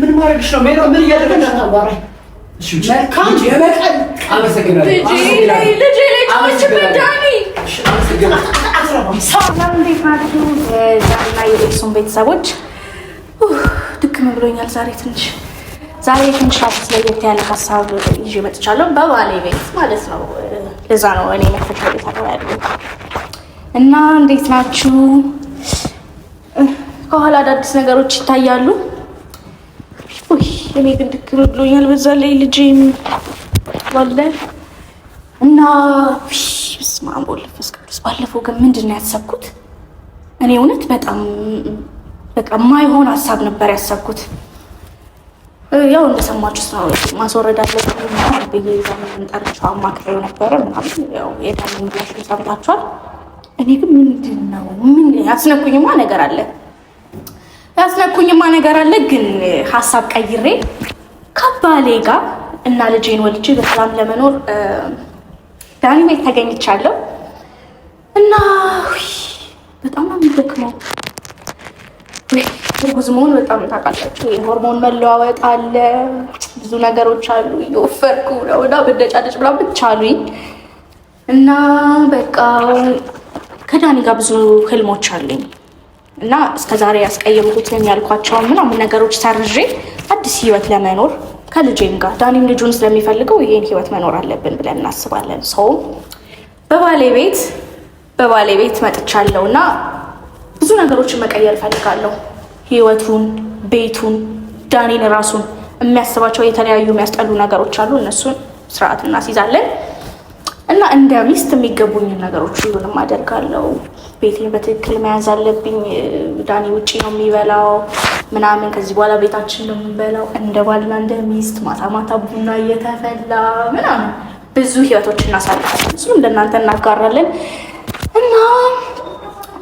ምን ማድረግሽ ነው? ሜሮ ምን እያደረገሽ ነው? ታባራይ ናችሁ? ዛሬና ቤተሰቦች ድክም ብሎኛል። ዛሬ ትንሽ ዛሬ ትንሽ አዲስ ለየት ያለ ሀሳብ ይዤ መጥቻለሁ። በባሌ ቤት ማለት ነው። ለዛ ነው እኔ መፈቻ ቤት ያለ እና እንዴት ናችሁ? ከኋላ አዳዲስ ነገሮች ይታያሉ እኔ ግን ድክም ብሎኛል። በዛ ላይ ልጄም ባለ እና ስማ ወለፈስ ቅዱስ ባለፈው ግን ምንድን ነው ያሰብኩት? እኔ እውነት በጣም በቃ ማይሆን ሀሳብ ነበር ያሰብኩት። ያው እንደሰማችሁት ነው። ማስወረድ አለብኝ ብዬ ዛምን አማክሬው ነበረ ምናምን ሰምታችኋል። እኔ ግን ምንድን ነው ምን ያስነኩኝማ ነገር አለ ያስነኩኝማ ነገር አለ። ግን ሀሳብ ቀይሬ ከባሌ ጋር እና ልጄን ወልጄ በሰላም ለመኖር ዳኒ ቤት ተገኝቻለሁ እና በጣም ነው የሚደክመው። እርጉዝ መሆን በጣም ታውቃላችሁ፣ የሆርሞን መለዋወጥ አለ፣ ብዙ ነገሮች አሉ። እየወፈርኩ ነው እና ብደጫደጭ ብላ ብቻ አሉኝ እና በቃ ከዳኒ ጋር ብዙ ህልሞች አለኝ እና እስከ እስከዛሬ ያስቀየምኩትን ያልኳቸውን ምናምን ነገሮች ሰርዤ አዲስ ህይወት ለመኖር ከልጄም ጋር ዳኒም ልጁን ስለሚፈልገው ይሄን ህይወት መኖር አለብን ብለን እናስባለን። ሰው በባሌ ቤት በባሌ ቤት መጥቻለሁ እና ብዙ ነገሮችን መቀየር እፈልጋለሁ። ህይወቱን፣ ቤቱን፣ ዳኒን ራሱን የሚያስባቸው የተለያዩ የሚያስጠሉ ነገሮች አሉ። እነሱን ስርዓት እናስይዛለን እና እንደ ሚስት የሚገቡኝን ነገሮች ሁሉንም አደርጋለሁ። ቤቴን በትክክል መያዝ አለብኝ። ዳኒ ውጭ ነው የሚበላው ምናምን፣ ከዚህ በኋላ ቤታችን ነው የምንበላው፣ እንደ ባልና እንደ ሚስት ማታ ማታ ቡና እየተፈላ ምናምን ብዙ ህይወቶች እናሳልፋለን። እሱም እንደናንተ እናጋራለን እና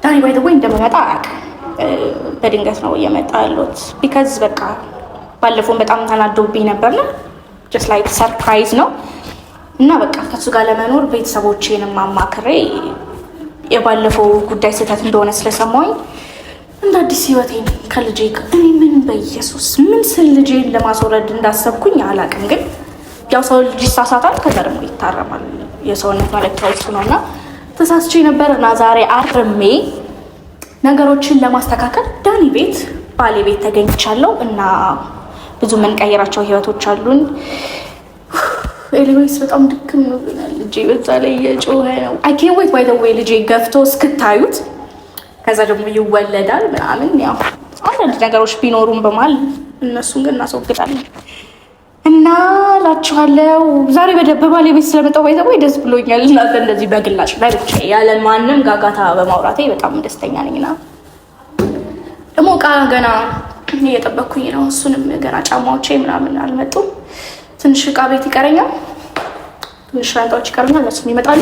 ዳኒ ወይ እንደመመጣ አያውቅ በድንገት ነው እየመጣ ያለት። ቢካዝ በቃ ባለፈውን በጣም ተናዶብኝ ነበር ነው ጀስት ላይክ ሰርፕራይዝ ነው እና በቃ ከሱ ጋር ለመኖር ቤተሰቦቼንም አማክሬ የባለፈው ጉዳይ ስህተት እንደሆነ ስለሰማኝ እንደ አዲስ ህይወቴን ከልጄ ጋር እኔ ምን በኢየሱስ ምን ስል ልጄን ለማስወረድ እንዳሰብኩኝ አላቅም ግን ያው ሰው ልጅ ይሳሳታል፣ ከዛ ደግሞ ይታረማል። የሰውነት መለኪያው እሱ ነው እና ተሳስቼ ነበር እና ዛሬ አርሜ ነገሮችን ለማስተካከል ዳኒ ቤት ባሌ ቤት ተገኝቻለሁ እና ብዙ የምንቀይራቸው ህይወቶች አሉን። ኤሌሜንትስ በጣም ድክም ነው ብሎናል። ልጄ በዛ ላይ የጮኸ ነው። አይ ኬን ዌይት ባይ ዘ ዌይ ልጄ ገፍቶ እስክታዩት ከዛ ደግሞ ይወለዳል ምናምን። ያው አንዳንድ ነገሮች ቢኖሩም በማል እነሱን ግን እናስወግዳለን እና ላችኋለው። ዛሬ በባሌ ቤት ስለመጣሁ ባይ ዘ ዌይ ደስ ብሎኛል። እናንተ እንደዚህ በግላጭ በብቻ ያለ ማንም ጋጋታ በማውራቴ በጣም ደስተኛ ነኝና ደግሞ እቃ ገና እየጠበኩኝ ነው። እሱንም ገና ጫማዎቼ ምናምን አልመጡም። ትንሽ እቃ ቤት ይቀረኛል፣ ትንሽ ሻንጣዎች ይቀረኛል። እነሱም ይመጣሉ፣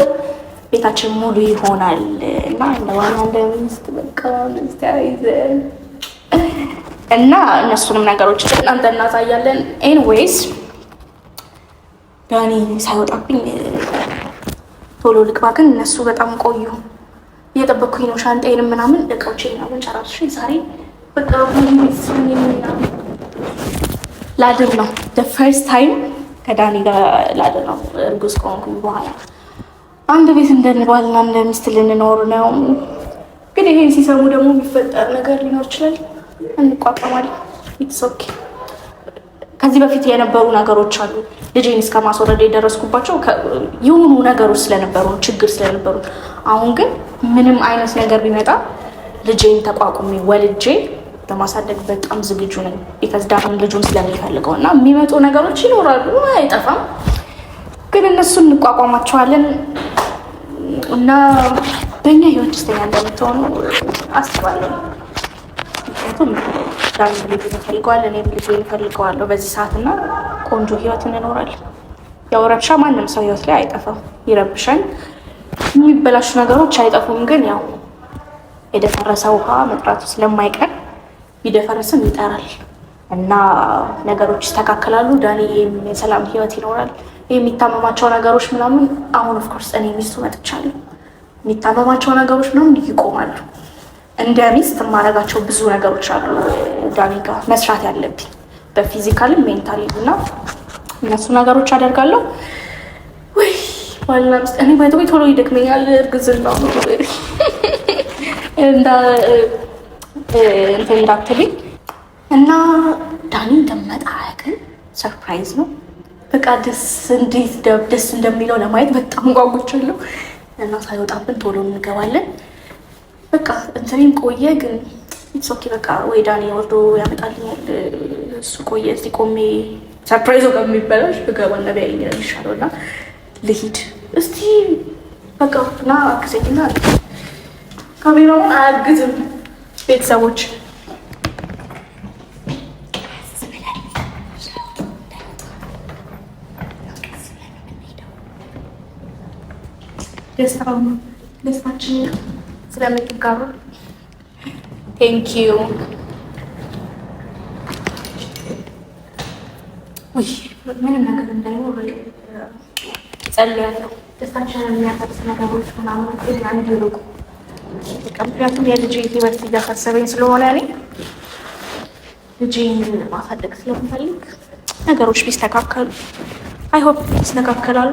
ቤታችን ሙሉ ይሆናል እና እና እነሱንም ነገሮች እናንተ እናሳያለን። ኤንዌይስ ዳኒ ሳይወጣብኝ ቶሎ ልግባ፣ ግን እነሱ በጣም ቆዩ እየጠበኩኝ ነው። ሻንጤንም ምናምን እቃዎች ምናምን ጨራሱ ዛሬ በቃ ምናምን ላድር ነው ፈርስት ታይም ከዳኒ ጋር ላድር ነው እርጉዝ ከሆንኩኝ በኋላ አንድ ቤት እንደንባልና እንደ ሚስት ልንኖር ነው። ግን ይሄን ሲሰሙ ደግሞ የሚፈጠር ነገር ሊኖር ይችላል። እንቋቋማለን። ኢትስ ኦኬ። ከዚህ በፊት የነበሩ ነገሮች አሉ። ልጄን እስከ ማስወረድ የደረስኩባቸው የሆኑ ነገሮች ስለነበሩ ችግር ስለነበሩ፣ አሁን ግን ምንም አይነት ነገር ቢመጣ ልጄን ተቋቁሜ ወልጄ በማሳደግ በጣም ዝግጁ ነኝ። ቢከዝ ዳሁን ልጁን ስለሚፈልገው እና የሚመጡ ነገሮች ይኖራሉ፣ አይጠፋም። ግን እነሱን እንቋቋማቸዋለን እና በእኛ ህይወት ደስተኛ እንደምትሆኑ አስባለሁ። ምክንያቱም ዳን ልጁ ይፈልገዋል፣ እኔም ልጁ ይፈልገዋለሁ በዚህ ሰዓት እና ቆንጆ ህይወት እንኖራለን። ያው ረብሻ ማንም ሰው ህይወት ላይ አይጠፋም፣ ይረብሻል። የሚበላሹ ነገሮች አይጠፉም። ግን ያው የደፈረሰ ውሃ መጥራቱ ስለማይቀር ቢደፈረስም ይጠራል እና ነገሮች ይስተካከላሉ። ዳኒ የሰላም ህይወት ይኖራል። የሚታመማቸው ነገሮች ምናምን አሁን ኦፍኮርስ እኔ ሚስቱ መጥቻለሁ። የሚታመማቸው ነገሮች ምናምን ይቆማሉ። እንደ ሚስት የማደርጋቸው ብዙ ነገሮች አሉ ዳኒ ጋር መስራት ያለብኝ በፊዚካልም ሜንታሊ እና እነሱ ነገሮች አደርጋለሁ። ወይ ባልና ሚስት እኔ ባይተወይ ቶሎ ይደክመኛል እርግዝና እንትን እንዳትልኝ እና ዳኒ እንደመጣ ግን ሰርፕራይዝ ነው። በቃ ደስ እንዴት ደስ እንደሚለው ለማየት በጣም ጓጉቻለሁ እና ሳይወጣብን ቶሎ እንገባለን። በቃ እንትኔም ቆየ ግን ኦኬ በቃ ወይ ዳኒ ወርዶ ያመጣልኝ እሱ ቆየ። እዚህ ቆሜ ሰርፕራይዞ ከሚበላሽ ብገባና እና ቢያየኝ ይሻለው እና ልሂድ እስቲ በቃ ና አግዘኝና ካሜራውን አያግዝም ቤተሰቦች ደስታውን ደስታችን ስለምትጋሩ ቴንክ ዩ። ምንም ነገር እንዳይኖር ጸልያለሁ። ደስታችንን የሚያፈርስ ነገሮች ምናምን እንዲርቁ ምክንያቱም የልጅ ህይወት እያሳሰበኝ ስለሆነ እኔ ልጅን ማሳደግ ስለምፈልግ ነገሮች ቢስተካከሉ አይሆፕ ይስተካከላሉ።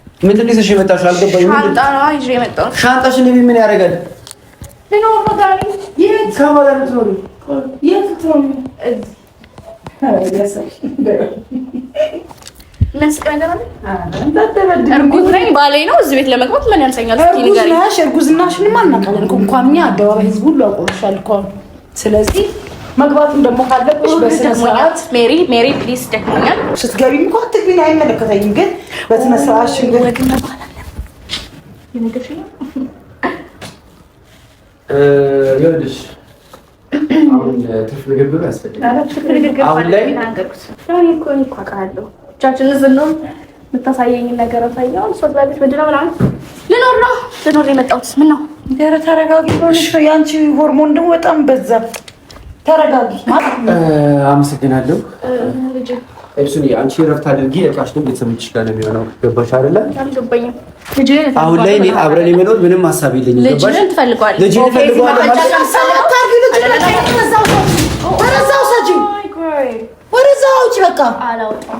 ምንድን ነው ይዘሽ የመጣሽው? አልገባኝም። ሻንጣሽን ምን ያደርጋል? እርጉዝ ነኝ ባሌ ነው። እዚህ ቤት ለመግባት ምን ያንሰኛል? እርጉዝ ነሽ። እርጉዝናሽንማ አናውቃለን። እንኳን እኛ አደባባይ ህዝብ ሁሉ አውቆሻል። ስለዚህ መግባቱን ደግሞ ካለብሽ በስነ ሜሪ ሜሪ ፕሊዝ፣ ደክሞኛል። ስትገቢም እኮ አትግቢኝ፣ አይመለከተኝም። ግን በስነ ስርዓት የምታሳየኝ ነገር አሳየውን ሶስት ባቤት ምንድነው ምናምን ልኖር ነው ልኖር የመጣሁት ምን ተረጋጊ። የአንቺ ሆርሞን ደግሞ በጣም በዛ ተረጋጊ። አመሰግናለሁ። እሱን አንቺ ረፍት አድርጊ። እቃሽንም ቤተሰቦችሽ ጋር ነው የሚሆነው። ገባሽ አይደለ? አሁን ላይ እኔ አብረን የመኖር ምንም ሀሳብ የለኝም። ልጅን ትፈልጓል። ልጅን ትፈልጓል። ወደዛ በቃ አላወጣም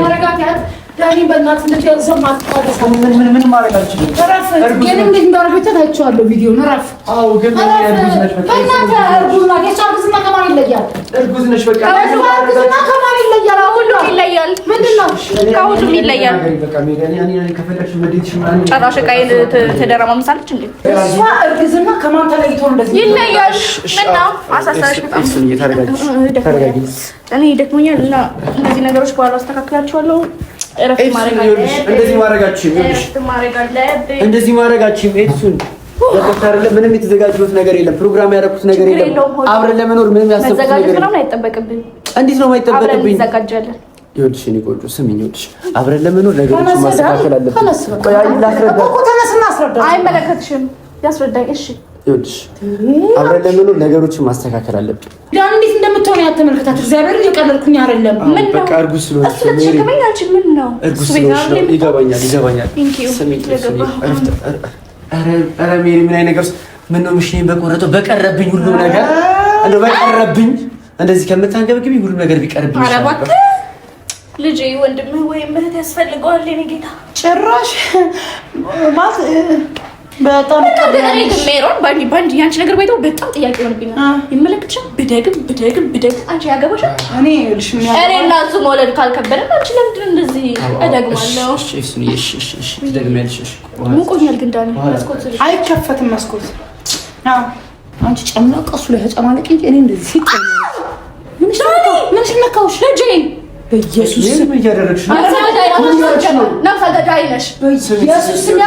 I got na ዳኒ በእናት ልጅ ያዘው ማጥፋት ምን ምን ምን ማድረግ አልችልም። እረፍ ግን እንዴት እንዳደረገች ታያቸዋለሁ ቪዲዮውን። እረፍ። አዎ ግን በእናትህ እርጉዝ ናት። የእሷ እርግዝና ከማን ይለያል? እርጉዝ ነሽ። በቃ እርግዝና ከማን ይለያል? ከሁሉም ይለያል። ምንድን ነው ከሁሉም ይለያል። ቃይን ተደረማ ትደረማምሳለች እንዴ? እሷ እርግዝና ከማን ተለይቶ እንደዚህ ይለያል? ምነው አሳሳሽ በጣም። እኔ ደክሞኛል እና እነዚህ ነገሮች በኋላ አስተካክላቸዋለሁ። እንደዚህ ማድረጋችሁም እንደዚህ ማድረጋችሁም ኤድሱን ለቆታርለ ምንም የተዘጋጀሁት ነገር የለም። ፕሮግራም ያደረኩት ነገር የለም። አብረን ለመኖር ምንም ያሰብኩት ነገር የለም። እንዴት ነው የማይጠበቅብኝ? ይኸውልሽ የእኔ ቆንጆ ስሚኝ፣ ይኸውልሽ አብረን ለመኖር ነገሮችን ማስተካከል አለብን። አይመለከትሽም፣ ያስረዳኝ። እሺ ይኸውልሽ አብረን ለመኖር ነገሮችን ማስተካከል አለብን። ዳን እንዴት እንደምትሆነ ያተመልከታት እግዚአብሔር እየቀለድኩኝ አይደለም። ምን ነው በቃ እርጉዝ ስለሆነ ምን ነው እርጉዝ ስለሆነ ይገባኛል፣ ይገባኛል። ኧረ ሜሪ ምን አይነት ነገር ምን ነው ምሽኔን በቆረጠው በቀረብኝ ሁሉ ነገር እንደው በቀረብኝ እንደዚህ ከምታንገብግቢ ሁሉ ነገር ቢቀርብኝ ልጄ ወንድምህ ወይም እህት ያስፈልገዋል። የእኔ ጌታ ጭራሽ ማለት በጣም ሜሮን ባንዲ ባንዲ ያንቺ ነገር ባይተው በጣም ጥያቄ ሆነብኝ። ይመለከትሻል። ብደግም ብደግም ብደግም አንቺ ያገባሻል። እኔ እልሽ እኔ መውለድ ካልከበደ አንቺ ለምንድን እንደዚህ እደግማለሁ? እሺ፣ እሺ፣ እሺ፣ እሺ፣ ግን አይከፈትም። መስኮት አንቺ ጨምለቅ እሱ ላይ ተጨማለቅ እንጂ እኔ እንደዚህ ሲጨምር ምን ነካውሽ ልጄ በኢየሱስ ስም እያደረግሽ ነው። ነፍሰ ገዳይ ነሽ። በኢየሱስ ስም ያ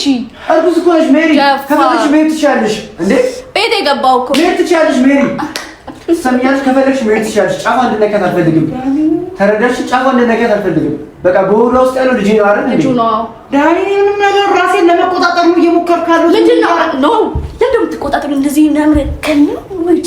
አንቺ እርጉዝ እኮ ነሽ ሜሪ። ከፈለግሽ መሄድ ትችያለሽ። እንዴ ቤት የገባው እኮ መሄድ ትችያለሽ ሜሪ። ትሰሚኛለሽ? ከፈለግሽ መሄድ ትችያለሽ። ጫፏ እንድነካት አልፈልግም። ተረዳሽ? ጫፏ እንድነካት አልፈልግም። በቃ በሆዷ ውስጥ ያለው ልጅ ነው አይደል? ልጅ ነው ዳኒ። ምንም ነገር ራሴን ለመቆጣጠር ነው እየሞከርኩ ልጅ ነው ነው ለምን ትቆጣጠሩ? እንደዚህ እናምረ ከኛ ወጪ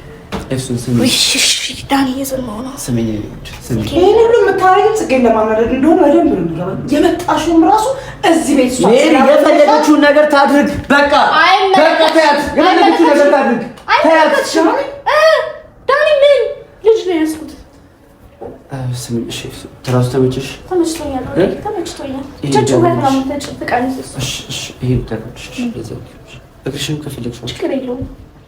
እሱን ስሚ ስሚ የመጣሽውም ራሱ እዚህ ቤት የፈለገችውን ነገር ታድርግ። በቃ በቃ ተያት፣ የፈለገችውን ነገር ታድርግ። ተያት ዳኒ ምን ልጅ ነው ያዝኩት። ትራሱ ተመቸሽ? ተመችቶኛል፣ ተመችቶኛል። እግርሽም ከፈለግሽ ችግር የለውም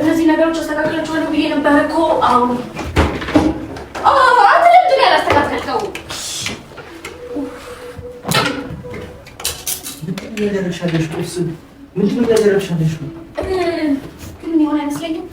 እነዚህ ነገሮች አስተካክላቸዋለሁ ብዬ ነበር እኮ። አሁን አትለምድ ያላስተካከልከው ግን የሆነ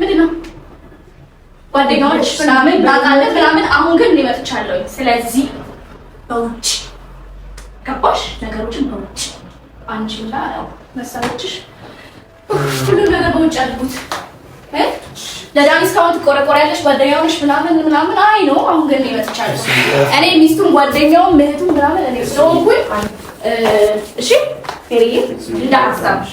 ምንድን ነው ጓደኛዎች ምናምን ላቃለ ምናምን። አሁን ግን እኔ ስለዚህ በውጭ ገባሽ፣ ነገሮችን በውጭ አንቺ እና መሰሎችሽ ሁሉም ነገር በውጭ አድርጉት። ለዳኒ እስካሁን ትቆረቆሪያለሽ ጓደኛውንሽ ምናምን ምናምን። አይ ነው አሁን ግን እኔ እኔ ሚስቱን ጓደኛውን ምህቱን ምናምን እኔ ስለሆንኩኝ እሺ ፌሪዬ እንዳትሳብሽ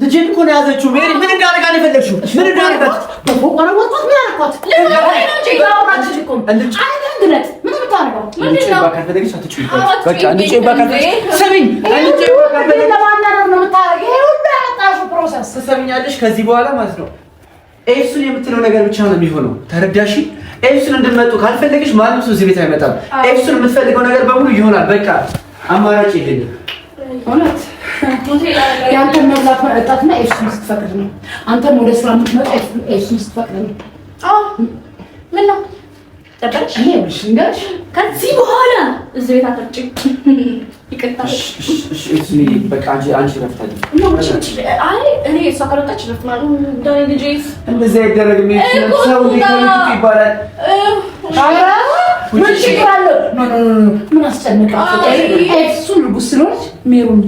ልጄን እኮ ነው የያዘችው። ሜሪ ምን እንዳደርጋ ነው የፈለግሽው? ምን እንዳደርጋት በፎቆረ ምን ትሰሚኛለሽ? ከዚህ በኋላ ማለት ነው ኤፍሱን የምትለው ነገር ብቻ ነው የሚሆነው። ተረዳሽ? ኤፍሱን እንድመጡ ካልፈለገሽ ማንም ሰው እዚህ ቤት አይመጣም። ኤፍሱን የምትፈልገው ነገር በሙሉ ይሆናል። በቃ አማራጭ የለኝም። እውነት የአንተን መብላት መጠጣትና ኤፍሱን ስትፈቅድ ነው። አንተም ወደ ስራ የምትመጣ ኤፍሱን ስትፈቅድ ነው። ምን ነው ጠበቅሽ? ከዚህ በኋላ እዚህ ቤት አትመጭም። ይቅርታ በቃ አንቺ ረፍታለሁ። እኔ እሷ ካልወጣች ይረፍታል። ምን አስጨነቀሽ? እሱን እርጉዝ ስለሆነች ሜሮን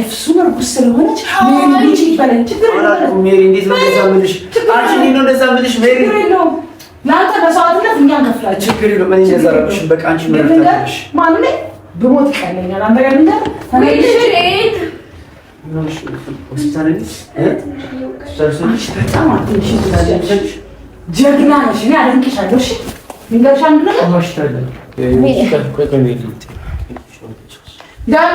እሱን እርጉዝ ስለሆነች ሜሪ ልጅ ይባላል። ችግር የለውም። ሜሪ እንዴት ነው እንደዛ የምልሽ? አንቺ እንዴት ነው እንደዛ የምልሽ? ሜሪ ችግር የለውም። ለአንተ በሰዋትነት እኛ እንከፍላለን። ችግር የለውም። እኔ እንደዛ አደረግሽ። በቃ አንቺ ሜሪ ታደርግሽ ማለት ነው። ብሞት ይቀለኛል። አንተ ጋር እንደ ጀግና ነሽ። እኔ አደንቅሻለሁ። እሺ ሚንገርሻ እንድነው ዳኒ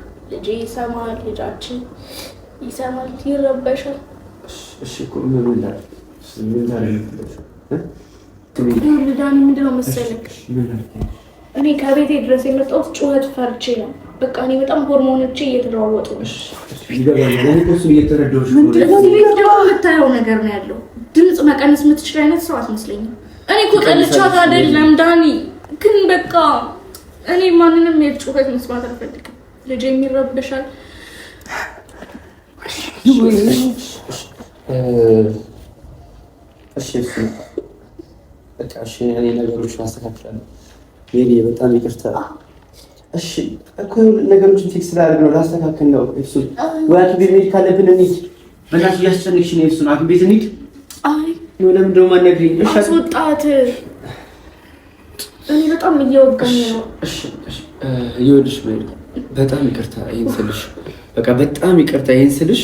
ልጄ ይሰማል፣ ልጃችን ይሰማል፣ ይረበሻል። እሺ እኮ ምን ላል ምን ላል ልዳን ምንድነው መሰለክ እኔ ከቤቴ ድረስ የመጣሁት ጩኸት ፈርቼ ነው። በቃ እኔ በጣም ሆርሞኖቼ እየተለዋወጡ ነው። የምታየው ነገር ነው ያለው። ድምፅ መቀነስ የምትችል አይነት ሰው አትመስለኝም። እኔ እኮ ጠልቻት አይደለም ዳኒ፣ ግን በቃ እኔ ማንንም የጩኸት መስማት አልፈልግም። ልጅ የሚረብሻል። እኔ ነገሮችን አስተካክላለሁ። ሜሪ በጣም ይቅርታ። እሺ እኮ ነገሮችን ፊክስ ላደርግ ነው፣ ላስተካክል ነው። ኤፍሱን ወይ ቤት ካለብን እንሂድ። በእናትሽ እያስጨነቅሽ ነው። ኤፍሱን ሐኪም ቤት እንሂድ። አይ ለምን ደግሞ አናግሪኝ። እሺ አስወጣት። እኔ በጣም እየወጋኝ ነው። እሺ እሺ በጣም ይቅርታ ይህን ስልሽ በቃ በጣም ይቅርታ ይህን ስልሽ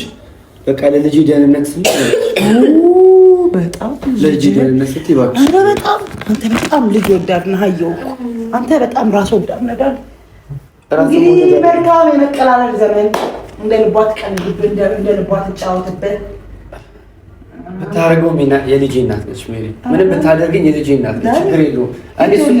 በቃ ለልጅ ደህንነት ስል በጣም ለልጅ ደህንነት ስትይ እባክሽ በጣም አንተ በጣም ልጅ ወዳድ ነህ። አየሁ አንተ በጣም ራስ ወዳድ ነህ። እንግዲህ መልካም የመቀላለል ዘመን እንደ ልቧት ትቀልድብህ፣ እንደ ልቧ ትጫወትብህ። ብታደርገው የልጅ እናት ነች። ሜሪ ምንም ብታደርገኝ የልጅ እናት ነች። ችግር የለውም እኔ እሱን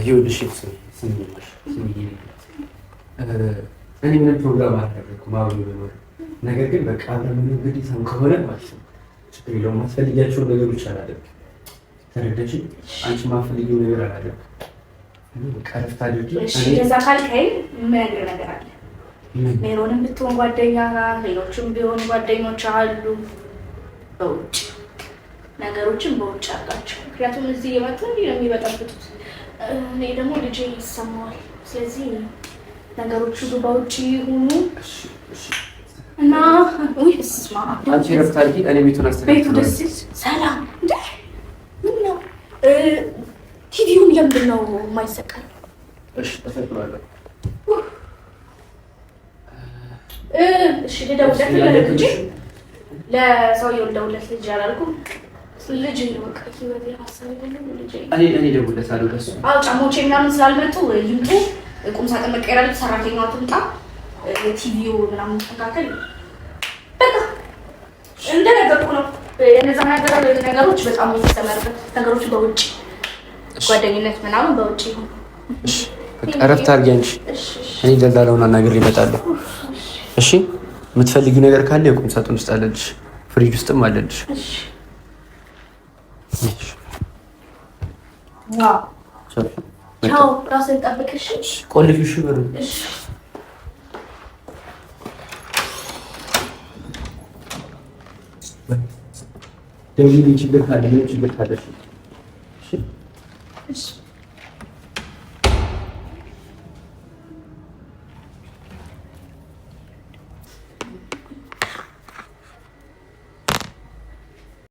ይኸውልሽ ስሚልሽ እኔ ምን ፕሮግራም አላደረኩም አብሮ በኖር ነገር ግን በቃ ለምን እንግዲህ ሰው ከሆነ ማለት ነው ችግር የለውም። ማስፈልጊያቸውን ነገሮች አላደርግም። ተረዳሽ? አንቺ ማፈልጊ ነገር አላደርግም። በቃ ረፍት አድርጊ። እንደዛ ካልከኝ የምነግርህ ነገር አለ። ሜሮንም ብትሆን ጓደኛ ሌሎችም ቢሆን ጓደኞች አሉ። በውጭ ነገሮችን በውጭ አላቸው። ምክንያቱም እዚህ የመጡ እንዲህ ነው የሚበጠብጡት እኔ ደግሞ ልጄ ይሰማዋል። ስለዚህ ነገሮቹ ሁሉ በውጭ ይሁኑ እና አንቺ ረፍት እኔ ቤቱን አስተቤቱ ደስ ሰላም እንደ ምን ነው ቲቪውን ለምንድን ነው የማይሰቀል? እሺ ተፈቅሏለሁ። እሺ ልደውለት ለሰውየው ልደውለት ልጅ አላልኩም ልጅ እኔ ደውለታለሁ። ደስ ጫማዎች ምናምን ስላልመጡ ይምጡ። ቁም ሳጥን መቀየር አለብህ። ሰራተኛዋ ትምጣ። ቲቪው ምናምን መስተካከል በቃ እንደነገርኩህ ነው። እነዛ ነገሮች በጣም የሚሰመርበት ነገሮች በውጭ ጓደኝነት ምናምን በውጭ ይሁን። እረፍት አድርጊ አንቺ። እኔ ደላላውን አናግሬ እመጣለሁ። እሺ፣ የምትፈልጊው ነገር ካለ የቁም ሳጥን ውስጥ አለልሽ፣ ፍሪጅ ውስጥም አለልሽ። ችግር ካለ ችግር ካለ